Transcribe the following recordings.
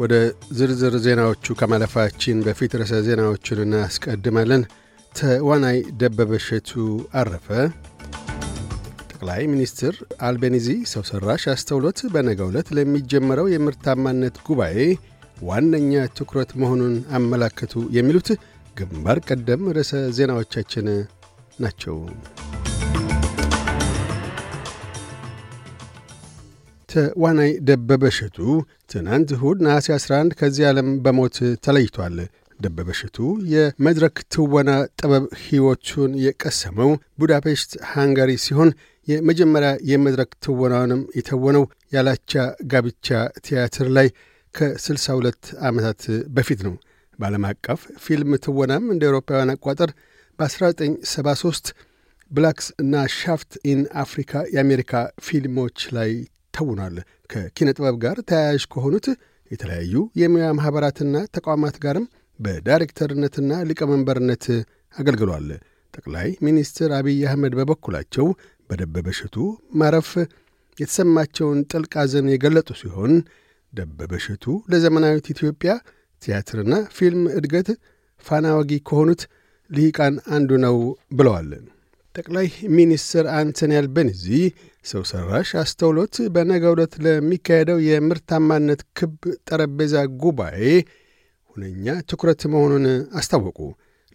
ወደ ዝርዝር ዜናዎቹ ከማለፋችን በፊት ርዕሰ ዜናዎቹን እናስቀድማለን። ተዋናይ ደበበ እሸቱ አረፈ። ጠቅላይ ሚኒስትር አልቤኒዚ ሰው ሠራሽ አስተውሎት በነገው ዕለት ለሚጀመረው የምርታማነት ጉባኤ ዋነኛ ትኩረት መሆኑን አመላከቱ። የሚሉት ግንባር ቀደም ርዕሰ ዜናዎቻችን ናቸው። ተዋናይ ደበበሽቱ ትናንት እሁድ ነሐሴ 11 ከዚህ ዓለም በሞት ተለይቷል። ደበበሽቱ የመድረክ ትወና ጥበብ ሕይወቱን የቀሰመው ቡዳፔስት ሃንጋሪ ሲሆን የመጀመሪያ የመድረክ ትወናውንም የተወነው ያላቻ ጋብቻ ቲያትር ላይ ከ62 ዓመታት በፊት ነው። በዓለም አቀፍ ፊልም ትወናም እንደ አውሮፓውያን አቋጠር በ1973 ብላክስ እና ሻፍት ኢን አፍሪካ የአሜሪካ ፊልሞች ላይ ተውኗል። ከኪነ ጥበብ ጋር ተያያዥ ከሆኑት የተለያዩ የሙያ ማኅበራትና ተቋማት ጋርም በዳይሬክተርነትና ሊቀመንበርነት አገልግሏል። ጠቅላይ ሚኒስትር አብይ አህመድ በበኩላቸው በደበበ እሸቱ ማረፍ የተሰማቸውን ጥልቅ ሐዘን የገለጡ ሲሆን ደበበ እሸቱ ለዘመናዊት ኢትዮጵያ ቲያትርና ፊልም እድገት ፋና ወጊ ከሆኑት ልሂቃን አንዱ ነው ብለዋል። ጠቅላይ ሚኒስትር አንቶኒ አልቤኒዚ ሰው ሰራሽ አስተውሎት በነገ ዕለት ለሚካሄደው የምርታማነት ክብ ጠረጴዛ ጉባኤ ሁነኛ ትኩረት መሆኑን አስታወቁ።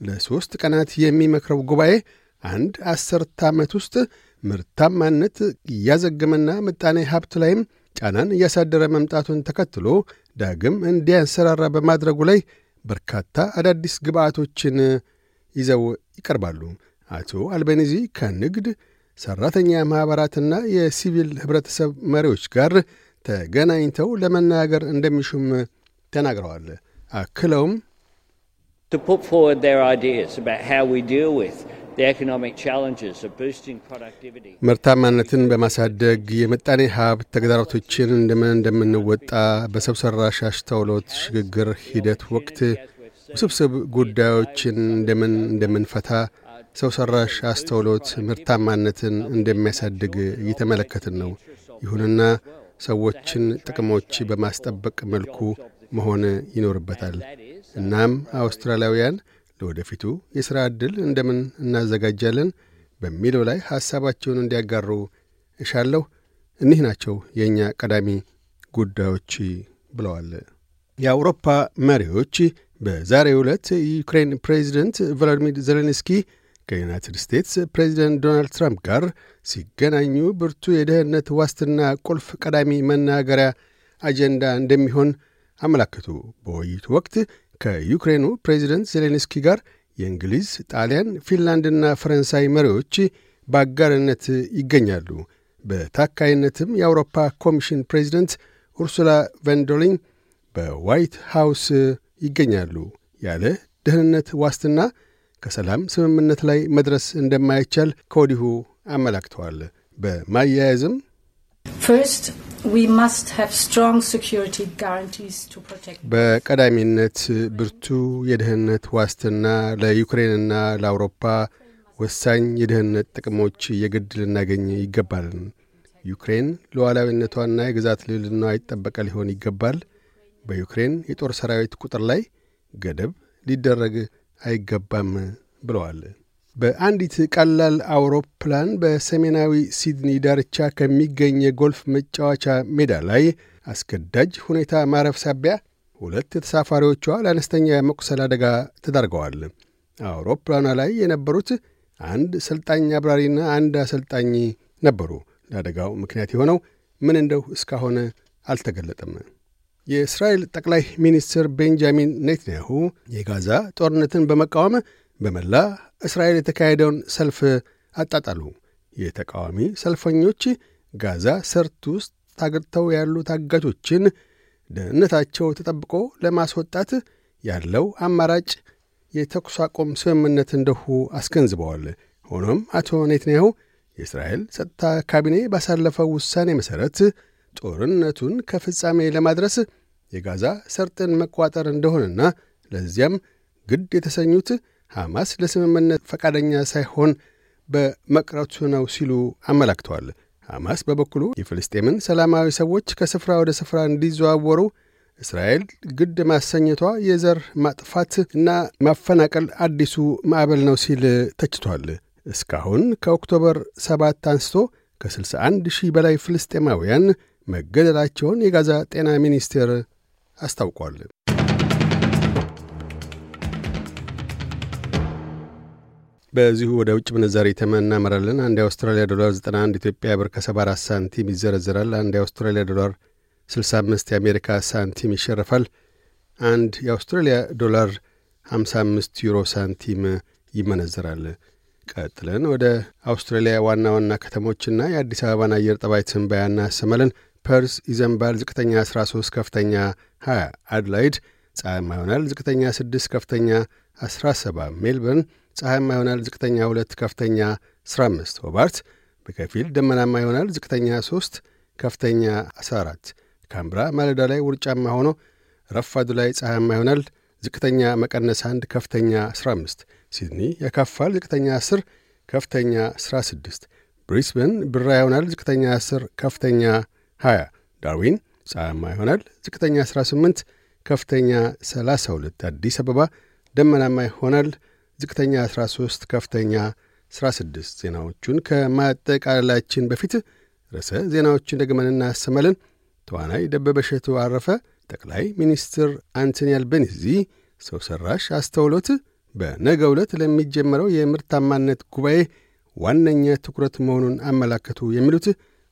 ለሦስት ቀናት የሚመክረው ጉባኤ አንድ አስርተ ዓመት ውስጥ ምርታማነት እያዘገመና ምጣኔ ሀብት ላይም ጫናን እያሳደረ መምጣቱን ተከትሎ ዳግም እንዲያንሰራራ በማድረጉ ላይ በርካታ አዳዲስ ግብአቶችን ይዘው ይቀርባሉ። አቶ አልቤኒዚ ከንግድ ሠራተኛ ማኅበራትና የሲቪል ኅብረተሰብ መሪዎች ጋር ተገናኝተው ለመናገር እንደሚሹም ተናግረዋል። አክለውም ምርታማነትን በማሳደግ የምጣኔ ሀብት ተግዳሮቶችን እንደምን እንደምንወጣ በሰው ሠራሽ አስተውሎት ሽግግር ሂደት ወቅት ውስብስብ ጉዳዮችን እንደምን እንደምንፈታ ሰው ሰራሽ አስተውሎት ምርታማነትን እንደሚያሳድግ እየተመለከትን ነው። ይሁንና ሰዎችን ጥቅሞች በማስጠበቅ መልኩ መሆን ይኖርበታል። እናም አውስትራሊያውያን ለወደፊቱ የሥራ ዕድል እንደምን እናዘጋጃለን በሚለው ላይ ሐሳባቸውን እንዲያጋሩ እሻለሁ። እኒህ ናቸው የእኛ ቀዳሚ ጉዳዮች ብለዋል። የአውሮፓ መሪዎች በዛሬው ዕለት የዩክሬን ፕሬዚደንት ቮሎዲሚር ዜሌንስኪ ከዩናይትድ ስቴትስ ፕሬዚደንት ዶናልድ ትራምፕ ጋር ሲገናኙ ብርቱ የደህንነት ዋስትና ቁልፍ ቀዳሚ መናገሪያ አጀንዳ እንደሚሆን አመላከቱ። በውይይቱ ወቅት ከዩክሬኑ ፕሬዚደንት ዜሌንስኪ ጋር የእንግሊዝ፣ ጣሊያን፣ ፊንላንድና ፈረንሳይ መሪዎች በአጋርነት ይገኛሉ። በታካይነትም የአውሮፓ ኮሚሽን ፕሬዚደንት ኡርሱላ ቨንዶሊን በዋይት ሃውስ ይገኛሉ። ያለ ደህንነት ዋስትና ከሰላም ስምምነት ላይ መድረስ እንደማይቻል ከወዲሁ አመላክተዋል። በማያያዝም በቀዳሚነት ብርቱ የደህንነት ዋስትና ለዩክሬንና ለአውሮፓ ወሳኝ የደህንነት ጥቅሞች የግድ ልናገኝ ይገባል። ዩክሬን ሉዓላዊነቷና የግዛት ልዕልናዋ ይጠበቀ ሊሆን ይገባል። በዩክሬን የጦር ሰራዊት ቁጥር ላይ ገደብ ሊደረግ አይገባም ብለዋል። በአንዲት ቀላል አውሮፕላን በሰሜናዊ ሲድኒ ዳርቻ ከሚገኝ የጎልፍ መጫወቻ ሜዳ ላይ አስገዳጅ ሁኔታ ማረፍ ሳቢያ ሁለት ተሳፋሪዎቿ ለአነስተኛ የመቁሰል አደጋ ተዳርገዋል። አውሮፕላኗ ላይ የነበሩት አንድ ሰልጣኝ አብራሪና አንድ አሰልጣኝ ነበሩ። ለአደጋው ምክንያት የሆነው ምን እንደው እስካሁን አልተገለጠም። የእስራኤል ጠቅላይ ሚኒስትር ቤንጃሚን ኔትንያሁ የጋዛ ጦርነትን በመቃወም በመላ እስራኤል የተካሄደውን ሰልፍ አጣጣሉ። የተቃዋሚ ሰልፈኞች ጋዛ ሰርት ውስጥ ታግተው ያሉ ታጋቾችን ደህንነታቸው ተጠብቆ ለማስወጣት ያለው አማራጭ የተኩስ አቁም ስምምነት እንደሁ አስገንዝበዋል። ሆኖም አቶ ኔትንያሁ የእስራኤል ጸጥታ ካቢኔ ባሳለፈው ውሳኔ መሠረት ጦርነቱን ከፍጻሜ ለማድረስ የጋዛ ሰርጥን መቋጠር እንደሆነና ለዚያም ግድ የተሰኙት ሐማስ ለስምምነት ፈቃደኛ ሳይሆን በመቅረቱ ነው ሲሉ አመላክተዋል። ሐማስ በበኩሉ የፍልስጤምን ሰላማዊ ሰዎች ከስፍራ ወደ ስፍራ እንዲዘዋወሩ እስራኤል ግድ ማሰኘቷ የዘር ማጥፋት እና ማፈናቀል አዲሱ ማዕበል ነው ሲል ተችቷል። እስካሁን ከኦክቶበር 7 አንስቶ ከ61 ሺህ በላይ ፍልስጤማውያን መገደላቸውን የጋዛ ጤና ሚኒስቴር አስታውቋል። በዚሁ ወደ ውጭ ምንዛሪ ተመን እናመራለን። አንድ የአውስትራሊያ ዶላር 91 ኢትዮጵያ ብር ከ74 ሳንቲም ይዘረዝራል። አንድ የአውስትራሊያ ዶላር 65 የአሜሪካ ሳንቲም ይሸርፋል። አንድ የአውስትራሊያ ዶላር 55 ዩሮ ሳንቲም ይመነዘራል። ቀጥለን ወደ አውስትራሊያ ዋና ዋና ከተሞችና የአዲስ አበባን አየር ጠባይ ትንበያ እናሰማለን። ፐርስ ይዘንባል። ዝቅተኛ 13 ከፍተኛ 20። አድላይድ ፀሐያማ ይሆናል። ዝቅተኛ 6 ከፍተኛ 17። ሜልበርን ፀሐያማ ይሆናል። ዝቅተኛ 2 ከፍተኛ 15። ሆባርት በከፊል ደመናማ ይሆናል። ዝቅተኛ 3 ከፍተኛ 14። ካምብራ ማለዳ ላይ ውርጫማ ሆኖ ረፋዱ ላይ ፀሐያማ ይሆናል። ዝቅተኛ መቀነስ 1 ከፍተኛ 15። ሲድኒ ያካፋል። ዝቅተኛ 10 ከፍተኛ 16። ብሪስበን ብራ ይሆናል። ዝቅተኛ 10 ከፍተኛ 20። ዳርዊን ፀሐያማ ይሆናል። ዝቅተኛ 18፣ ከፍተኛ 32። አዲስ አበባ ደመናማ ይሆናል። ዝቅተኛ 13፣ ከፍተኛ 16። ዜናዎቹን ከማጠቃለላችን በፊት ርዕሰ ዜናዎችን ደግመን እናሰማለን። ተዋናይ ደበበ እሸቱ አረፈ። ጠቅላይ ሚኒስትር አንቶኒ አልቤኒዚ ሰው ሠራሽ አስተውሎት በነገ ዕለት ለሚጀመረው የምርታማነት ጉባኤ ዋነኛ ትኩረት መሆኑን አመላከቱ። የሚሉት